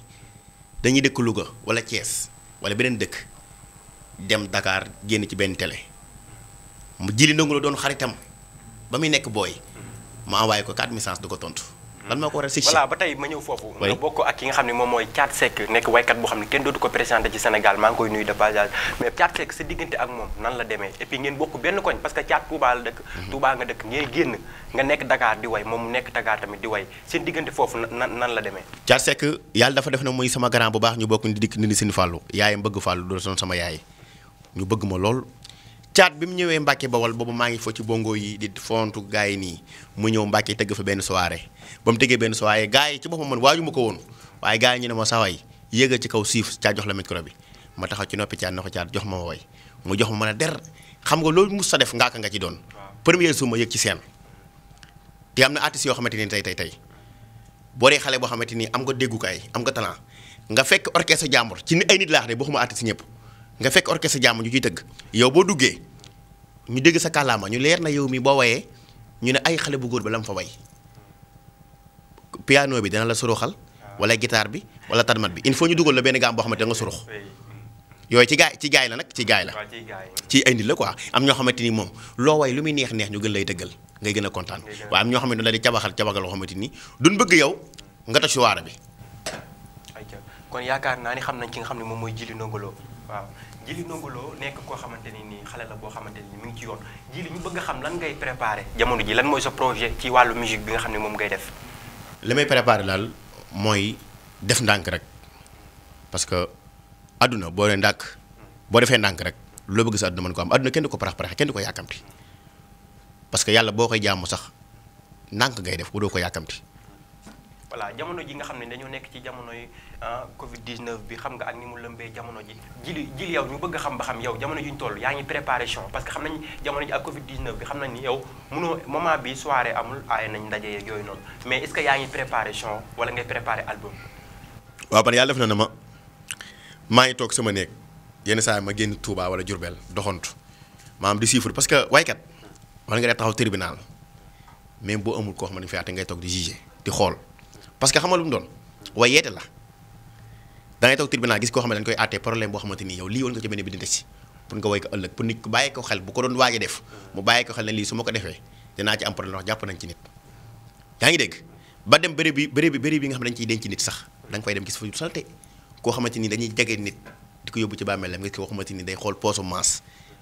dañuy dëkk Louga wala Thiès wala beneen dëkk dem Dakar génn ci benn télé mu jili ndongo la doon xaritam ba muy nekk booy ma envoyé ko 4 messages du ko tontu. lan moo ko waral succès voilà ba tey ma ñëw foofu nga bokk ak ki nga xam ne moom mooy Thiat Seck nekk waykat boo xam ne kenn dootu ko présenté ci Sénégal maa ngi koy nuyu de passage mais Thiat Seck sa diggante ak moom nan la demee et ngeen bokk benn koñ parce que Thiat la dëkk mhm. Touba nga dëkk ngeen génn nga nekk Dakar di way moom mu nekk Dakar tamit di way seen diggante foofu nan nan la demee Thiat Seck yàlla dafa def na muy sama grand bu baax ñu bokk ni dikk ni ni seen fàllu yaayam bëgg fàllu doon sama yaay ñu bëgg lool caat bi mu ñëwee Mbacke Bawol boobu maa ngi fo ci bongo yi di fontu gars yi nii mu ñëw Mbacke tëgg fa benn soirée ba mu tëggee benn soirée gars yi ci boppam man ma ko woon waaye gars yi ñu ne ma saway yéega ci kaw siif caat jox la micro bi ma taxaw ci noppi caat na ko caat jox ma wooy mu jox ma mën a der xam nga loolu mus sa def ngaaka nga ci doon premier jour ma yëg ci seen te am na artistes yoo xamante ni tey tey tey boo dee xale boo xamante ni am nga déggukaay am nga talent nga fekk orchestre jàmbur ci ay nit laax de boo xuma artiste ñëpp nga fekk orchestre jamm ju ci deug yow bo duggé ñu dégg sa kàllaama ñu leer na yow mi bo wayé ñu né ay xalé bu goor ba lam fa way piano bi dana la suruxal wala guitar bi wala tadmat bi il faut ñu duggal la ben gam bo xamanteni nga surux yoy ci gaay ci gaay la nak ci gaay la ci indi la quoi am ño xamanteni mom lo way lu mi neex neex ñu gën lay deggal ngay gëna contane wa am ño xamanteni ne la di tabaxal cabaxal loo xamante duñ bëgg yow nga ci waara bi kon yaakaar naa ni xam nañ ki nga xamni mom moy jili ndongolo waaw Djily Ndongo loo nekk koo xamante ni nii xale la boo xamante ni mu ngi ci yoon Djily ñu bëgg a xam lan ngay préparé jamono ji lan mooy sa projet ci wàllu musique bi nga xam ne moom ngay def. li may préparé laal mooy def ndànk rek parce que àdduna boo nee ndànk boo defee ndànk rek loo bëgg sa àdduna man ko am àdduna kenn du ko parax parax kenn du ko yàkkamti parce que yàlla boo koy jaamu sax ndànk ngay def bu doo ko yàkkamti. voilà jamono ji nga xam ne dañoo nekk ci jamonoy ah, Covid 19 bi xam nga ak ni mu lëmbee jamono ji jili jili yow ñu bëgg xam ba xam yow jamono ji ñu toll yaa ngi préparation parce que xam nañ jamono ji ak Covid 19 bi xam nañ ni yow mënoo moment bi soirée amul nañ ndaje yooyu noonu mais est-ce que yaa ngi préparation wala ngay waaw man yàlla def na ma maa ngi toog sama néeg yenn saa ma génn Touba wala Diourbel doxantu maanaam di siifur parce que waykat man nga dee taxaw tribunal mais boo amul koo xam ne fi àtte ngay toog di jugé di xool. parce que xamalum don mu doon way yeete la da ngay tok tribunal gis ko xamal dañ koy até problème bo xamanteni yow li won nga ci benn bindante ci pour nga way ko ëlëk pour nit ku bàyyi ko xel bu ko don waji def mu bàyyi ko xel ne lii su ko defee dina ci am problème wax japp nañ ci nit yaa ngi dégg ba dem béréb bi béréb bi béréb bi nga xam dañ ci denc nit sax dang fay dem gis fa salte ko xamanteni dañuy jege nit diko yobbu ci bamélam nga koo xamante ni day xol poso maas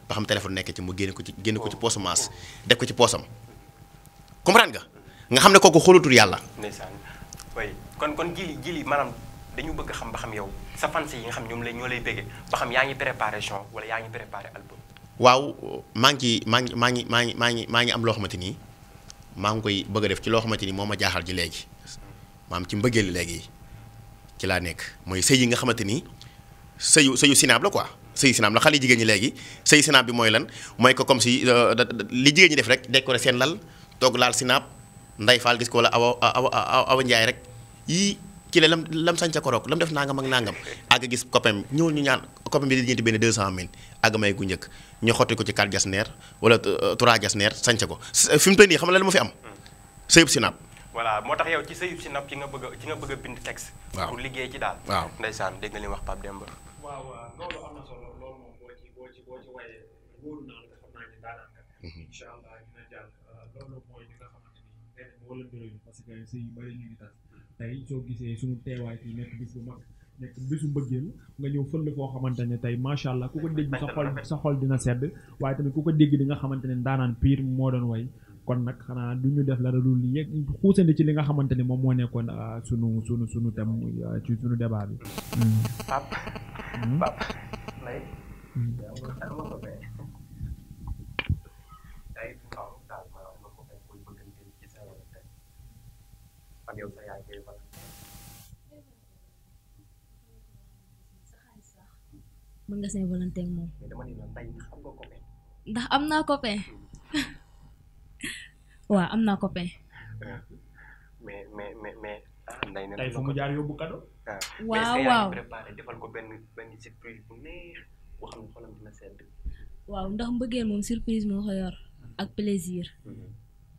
ba xam téléphone nekk ci mu génn ko ci génn ko ci poso maas def ko ci posam comprendre nga nga xam koku kooku yalla yàlla kon kon jili jili maanaam dañu bëgg xam ba xam yow sa fans yi nga xam ñoom lay ñoo lay bëggee ba xam yaa ngi préparé son wala yaa ngi préparé album. waaw maa ngi maa ngi maa ngi maa ngi maa ngi maa ngi am loo xamante ni maa ngi koy bëgg a def ci loo xamante ni moo ma jaaxal ji léegi maam ci mbëggeel léegi ci laa nekk mooy sëy yi nga xamante ni sëyu sëyu sinaab la quoi sëyu sinaab la xale jigéen ñi léegi sëyu sinaab bi mooy lan mooy ko comme si euh, li jigéen ñi def rek décoré seen lal toog laal sinaab nday faal gis ko wala awa awa awa njaay rek yii kii la lam lam sañ ca koroog lam def nangam ak nangam àgg gis copain ñëwul ñu ñaan copain bi di ñeenti benn 200000 àgg may ku njëkk ñu xotti ko ci 4 jasneer wala 3 euh, euh, jasneer sañ ca ko euh, fi mu toll nii xam la lan ma fi am. sëyub sinap. voilà moo tax yow ci sëyub sinap ci nga bëgg a ci nga bëgg bind texte. waaw pour liggéey ci daal. waaw ndeysaan dégg nga li wax Pape Demba. waaw waaw loolu am na solo loolu moo leen doyul parce que sëy yu bëri tey soo gisee suñu teewaay fii nekk bis nekk bisu mbëggeel nga ñëw fël foo xamante ne tey macha allah ku ko dégg sa xol sa xol dina sedd waaye tamit ku ko dégg di nga xamante ne daanaan piir moo doon way kon nag xanaa du ñu def la dul li yëg xuusandi ci li nga xamante ne moom moo nekkoon ah, sunu sunu sunu tam ah, ci sunu débat bi. Hmm? 壁をされられている方 mën nga see volonté moom ndax am naa copain waaw am naa copain mais mais mais mais tey fu ndax mbëggeel moom surprise moo ko ak plaisir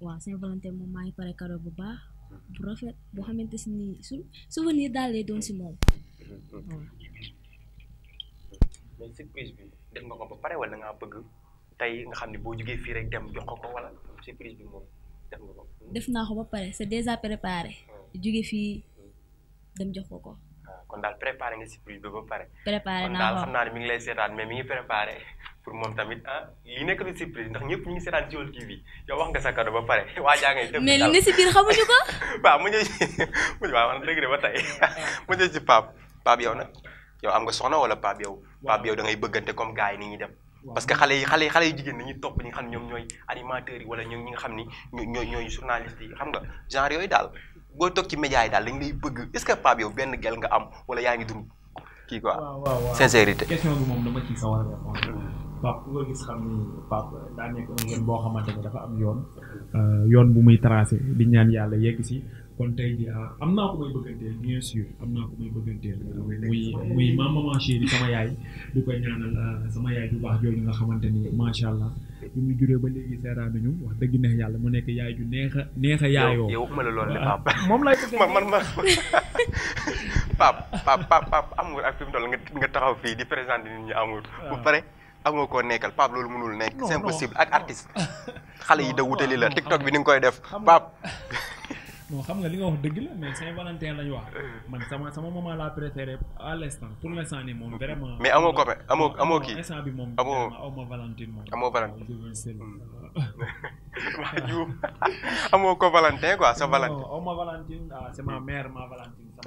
waaw Saint Valentin moom maa pare kado bu baax bu rafet boo xamante si nii su souvenir daal lay doon si moom waaw. Hmm. mais surprise bi def nga ko ba pare wala nga bëgg tey nga xam ni boo jugee fii rek dem jox ko ko wala surprise bi moom def nga ko. def naa ko ba pare c'est déjà préparé. Hmm. jugee fii dem jox ko ko. Ah, kon daal préparé nga surprise bi ba pare. préparé naa ko daal xam naa ne mi ngi lay seetaan mais mi ngi préparé. pour mom tamit ah li nek na si biir ndax ñepp ñu ngi seetaan Siweul TV yow wax nga sa cadeau ba paré wa jangé def mais li ne ci bir xamuñu ko ba mu ñu mu waaw wax dëgg de ba tay mu ñu ci pap pap yow nak yow am nga soxna wala pap yow pap yow da ngay bëggante comme gaay ni ñi dem parce que xalé yi xalé xalé yi jigen ni ñi top ñi xam ñom ñoy animateur yi wala ñi nga xam ni ñoy ñoy journaliste yi xam nga genre yoy dal bo tok ci média yi dal dañ lay bëgg est ce que pap yow ben gel nga am wala yaangi dund ki quoi sincérité question bu mom dama ci sawar Pape ku ko gis xam ni Pape daa nekk un jeune boo xamante ne dafa am yoon euh, yoon bu muy tracé di ñaan yàlla yegg si kon tey jii ah, am naa ko naa ko ah, muy muy ma maman chérie sama yaay di ko ñaanal ah, nga xamante ni macha allah mu juree ba léegi seeraan nañu wax dëgg neex yàlla mu nekk yaay ju neex neex a yaayoo. yow waxuma la moom laay bëgg man man man (laughs) ak fi mu nga taxaw fii bu pare. am nga koo nekkal Pape loolu mënul nekk. c'est impossible ak artiste. xale yi da wutali la TikTok bi ni nga koy def Pape. (laughs) non xam nga li nga wax la mais Saint-Valentin lañ wax euh. man sama sama la préféré à l'instant pour l'instant nii moom vraiment. mais amoo copain amoo amoo kii instant bi moom. amoo aw ma Valentine moom. amoo Valentine hmm. (laughs) (laughs) amoo ko Valentin quoi sa Valentine. non aw ma Valentine ah c'est ma mère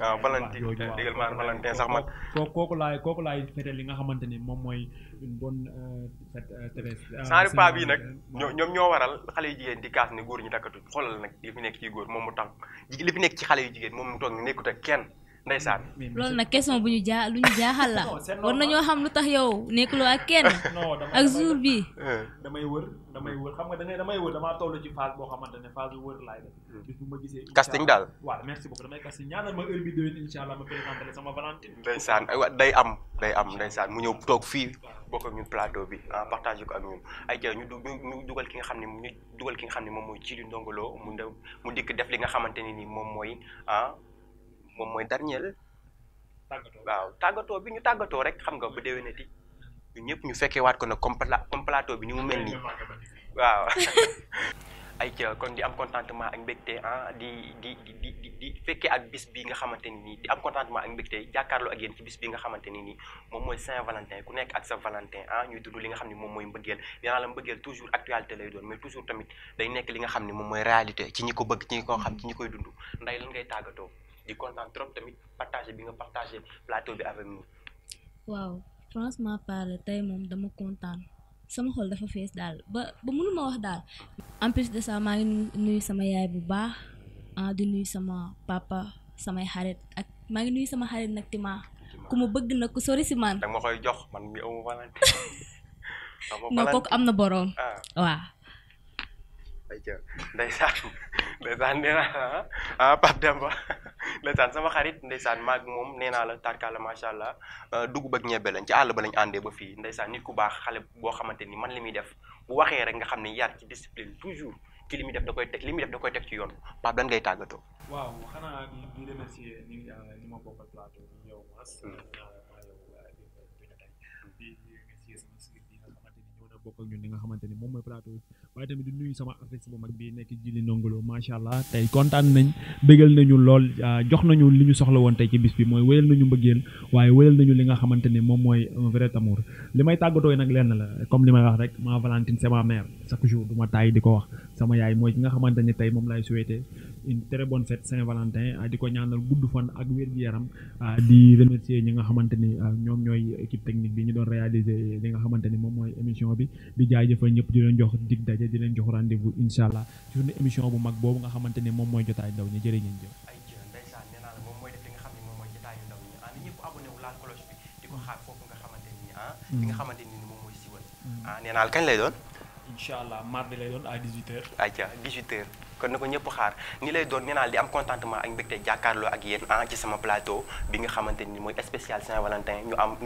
waaw Valentin digal maa Valentin sax man. kooku kooku laay kooku laay fete li nga xamante ni moom mooy une bonne euh, fête euh, terrestre. Euh, bii nag ñoom ñoo waral xale yu jigéen di kaas ne góor ñi takkatuñ xoolal nag li fi nekk ci góor moom mu tax li fi nekk ci xale yu jigéen moom mu toog nekkut ak kenn. ndeysaan. saan nag question bu ñu jaa lu ñu jaaxal la. (laughs) war nañoo xam lu tax yow nekkuloo ak kenn. ak jour bi eh. damay wër damay wër xam nga da ngay damay wër damaa toll ci phase boo xamante ne phase wër laay def. Hmm. bis bu ma gisee. casting daal waaw merci beaucoup ma heure bi déwén incha allah day am day am mu ñëw toog fii bokk ak ñun plateau bi ah partagé ko ak ñun ay jërëjëf ñu du ñu dugal ki nga xam ne ñu dugal ki nga xam ne moom mooy ci Djily Ndongo loo mu dikk def li nga xamante ne ni moom mooy ah moom mooy dernier. tàggatoo waaw tàggatoo bi ñu tàggatoo rek xam nga ba déwénati ñun ñëpp ñu fekkee waat ko na comme comme plateau bi ni mu mel nii. waaw. (laughs) ay ca kon di am contentement ak mbégte ah di di di fekkee ak bis bi nga xamante ni nii di am contentement ak mbégte jàkkaarloo ak yéen ci bis bi nga xamante ni nii moom mooy Saint-Valentin ku nekk ak sa Valentin ah ñuy dund li nga xam ne moom mooy mbëggeel yanaa la mbëggeel toujours actualité lay doon mais toujours li nga xam ne moom mooy réalité ci ñi ko bëgg ci ñi ko xam koy dund nday lan ngay tàggatoo di content trop tamit partage bi nga partage plateau bi avec nous waaw franchement parler tay mom dama content sama xol dafa fess dal ba ba ma wax dal en plus de ça ma ngi nuyu sama yaay bu baax ah di nuyu sama papa sama xarit ak ma ngi nuyu sama xarit nak tima ku ma bëgg nak ku sori ci man danga ma koy jox man mi amu valante non kooku am na borom ah. waaw ndeysaan (laughs) ndeysaan nee naa ah Pape Demba ndeysaan sama xarit ndeysaan maag moom nee naa la tarkala macha allah euh, dugub ak ñebe lañ ci àll ba lañ àndee ba fii ndeysaan nit ku baax xale boo xamante ni man li muy def bu waxee rek nga xam ne yar ci discipline toujours ki li muy def da koy teg li def da koy teg ci yoon Pape dan ngay tàggatoo. waaw xanaa di di bokk ak ñun li nga xamante ni moom mooy plateau bi waaye tamit di nuyu sama artiste bu mag bi nekk Jili Ndongolo macha allah tey kontaan nañ bégal nañu lool ah, jox nañu li ñu soxla woon tey ci bis bi mooy wéyal nañu mbëggeel waaye wéyal nañu li nga xamante moom mooy un vrai amour li may tàggatoo nag lenn la comme li may wax rek ma Valentine c'est ma mère chaque jour du ma taay di ko wax sama yaay mooy ki nga xamante ne tey moom laay souhaité une très bonne fête Saint-Valentin ah, di ko ñaanal gudd fan ak wér-gu-yaram ah, di remercier ñi nga xamante ni ah, ñoom ñooy équipe technique bi ñu doon réaliser li nga xamante ni moom mooy émission bi di jaajëfal ñëpp di leen jox dig di leen jox rendez-vous incha bu mag boobu nga xamante ni moom mooy moom mooy def li nga xam ne moom jotaayu ndaw ñi ah bi di ko xaar foofu nga xamante ni ah mm. li nga xamante mm. kañ lay doon incha allah mardi lay doon à 18h. kon na ko ñëpp xaar ni lay doon nee naa di am contentement ak mbégte jàkkaarloo ak yéen ah ci sama plateau bi nga xamante ni mooy spécial saint ñu am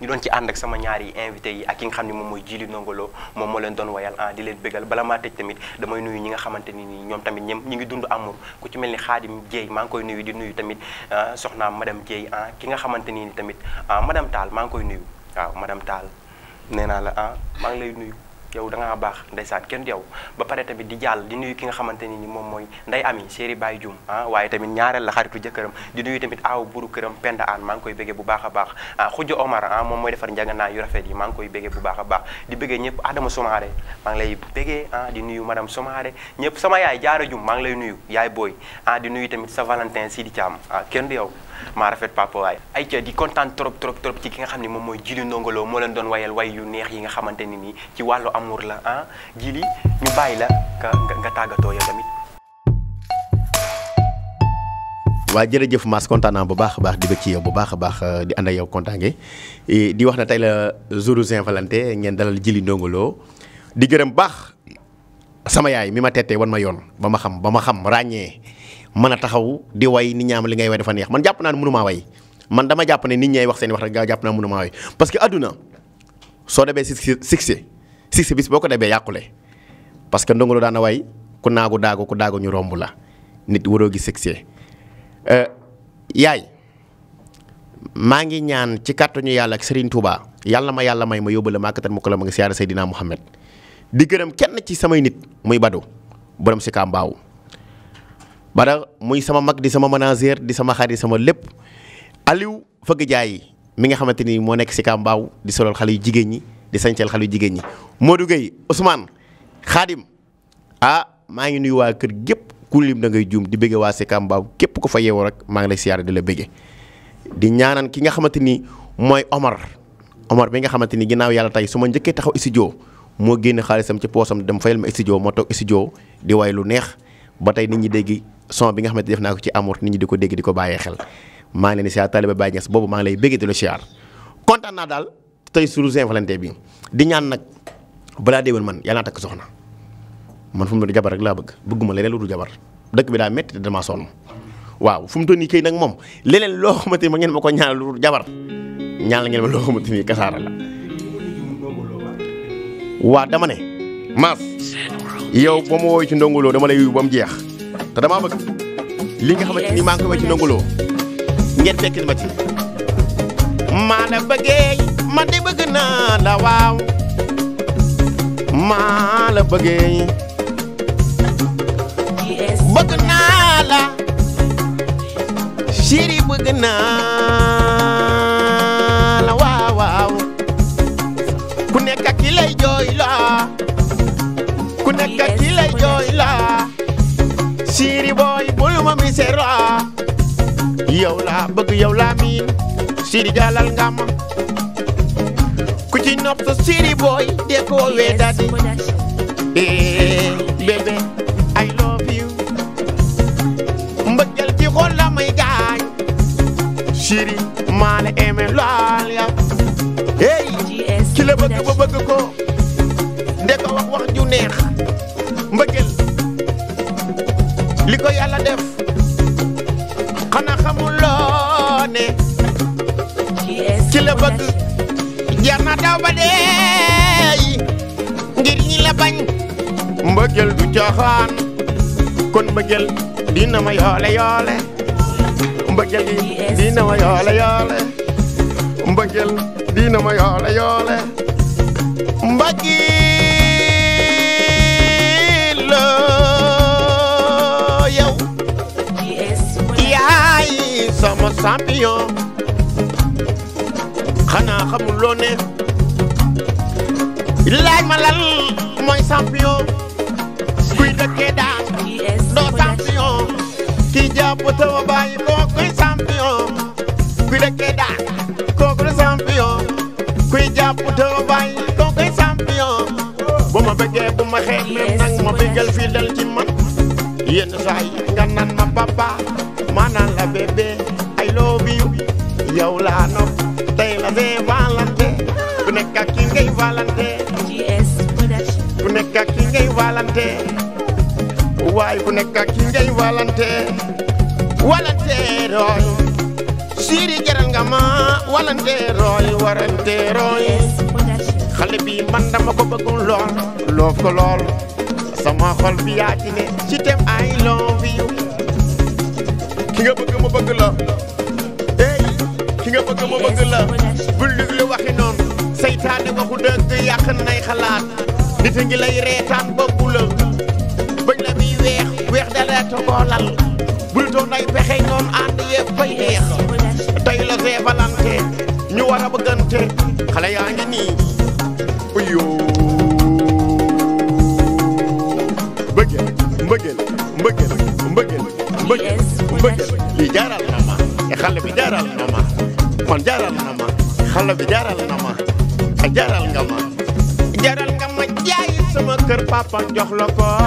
ñu doon ci ànd ak sama ñaar yi invité yi ak ki nga xam ne moom mooy Djily Ndongolo moom moo leen doon wayal ah di leen bégal bala maa tëj tamit damay nuyu ñi nga xamante ni ñoom tamit ñoom ñu ngi dund amour ku ci mel ni Xaadim Dieye maa ngi koy nuyu di nuyu tamit ah, soxnaam madame Dieye ah ki nga xamante ni tamit ah maa ngi koy nuyu waaw madame Tall nee naa la ah maa ngi lay nuyu yow da ngaa baax ndeysaan kenn yow ba pare tamit di jàll di nuyu ki nga xamante ni moom mooy nday ami séeri bàyyi Dioum ah waaye tamit ñaareel la xaritu jëkkëram di nuyu tamit aaw buru këram Penda Aan maa ngi koy bëggee bu baax a baax ah Khoudia Omar ah, moom mooy defar njaganaay yu rafet yi maa ngi koy bëggee bu baax a baax di bëggee ñëpp Adama Soumaré maa ngi lay bëggee ah di nuyu madame Soumaré ñëpp sama yaay Jaara Dioum maa ngi lay nuyu yaay booy ah di nuyu tamit sa Valentin Sidi Thiam ah kenn yow ma rafet papa way ay ca di kontaan trop trop trop ci ki nga xamni mom moy mooy Djily mo len don wayal way yu neex yi nga xamanteni ni ci walu amour la ah jili, ñu bàyyi la nga tagato ya tamit wa jërëjëf Mass kontaan naa bu baax baax di bëgg ci yow bu baax baax euh, di anda ak yow kontaange di wax na tay la jour Saint Valentin ngeen dalal Djily Ndongo di gërem baax sama yaay mi ma tété won ma yoon bama xam bama xam ràññee mana tahu taxaw di way nit ñaam li ngay way dafa neex man jàpp naa ne mënumaa way man dama jàpp ne nit ñay wax seen wax rek gaa jàpp naa mënumaa way parce que aduna soo debee sixi siksi bis boo ko debee yàqule parce que ndongolo daana way ku naagu daagu ku daagu ñu romb la nit wuro gi sixi yaay maa ngi ñaan ci kàttanu yàlla ak Serigne Touba yalla ma yàlla may ma yóbbale màkkatal mu ko la ma ngi siyaare Seydina Mouhamed di gërëm kenn ci samay nit muy badu borom sikam bau maanaam muy sama mag di sama manager di sama xarit sama lépp Aliou Fëgg Jaay mi nga xamante ni moo nekk si Kambaaw di solal xale yu jigéen ñi di sañcal xale yu jigéen ñi moo Gueye Ousmane Khadim a ah, maa ngi nuy waa kër gépp ku lim da ngay juum di bëgge waa si Kambaaw képp ku fa yeewoo rek maa ngi lay siyaare di la bëgge di ñaanal ki nga xamante ni mooy Omar Omar bi nga xamante ni ginnaaw yàlla tey su ma njëkkee taxaw studio moo génne xaalisam ci poosam dem fayal ma studio ma di way lu neex ba tey nit ñi dégg son bi nga xamante def naa ko ci amour nit ñi di ko dégg di ko bàyyee xel maa ngi leen di siyaar taaliba Baye Niass boobu maa ngi lay bëgg di la siyaar kontaan naa daal tey suru Saint-Valentin bi di ñaan nag balaa déwén man yàlla naa takk soxna man fu mu doon jabar rek laa bëgg bëgguma leneen lu du jabar dëkk bi daa métti te damaa sonn waaw fu mu toll nii nag moom leneen loo xamante ni ma ngeen ma ko ñaanal lu dul jabar ñaanal ngeen ma loo xamante ni kasaara ne. Mass yow ba ma woowee ci ndongoloo dama ba mu jeex. te damaa bëgg li nga xamante ni maa ngi koy wàcc ma ci. maa la bëggee man de bëgg naa la waaw maa la bëggee bëgg naa la chéri bëgg naa. commissaire la yow laa bëgg yow laa miin Sidi jàllal nga ma ku ci nopp sa booy dee ko woowee daddy eh bébé I love you mbëggeel ci xol la may gaañ Sidi maa la aimé laa caaxaan kon mbëggeel dina ma yoole yoole mbëggeel dina ma yoole yoole mbëggeel dina ma yoole yoole mbëggeel loo yow yaay sama champion xanaa xamul loo ne laaj ma lan mooy champion dëkkee daal doo champion kii jàpp tawa bàyyi koo kuy champion kuy dëkkee daal kooku la champion kuy jàpp tawa bàyyi koo kuy champion bu ma bëggee bu ma xeex même nag ma bëggal fii dal ci man yenn saa yi nga naan ma papa ma naan la bébé I love you yow laa nopp tey la Saint Valentin ku nekk ak ki ngay valante ku nekk ak waay ku nekk ak ki ngay volontaire volontaire ooy siiri jaral nga ma volontaire ooy volontaire ooy xale bi man dama ko bëggul lool loof lool sama xol bi yaa ne ci tem I love you ki nga bëgg ma bëgg la ki nga bëgg ma bëgg la bul déglu waxi noonu seytaane waxu dëgg yàq nay xalaat nit a ngi lay reetaan ba bu reetu boolal bul doon ay pexe ñoom ànd yeef bay neex tey la see balante ñu war a bëggante yaa ngi nii uyoo mbëggeel mbëggeel mbëggeel mbëggeel mbëggeel mbëggeel e bi jaaral na ma man jaaral bi jaaral na ma e jaaral jaaral nga ma jaay sama kër jox la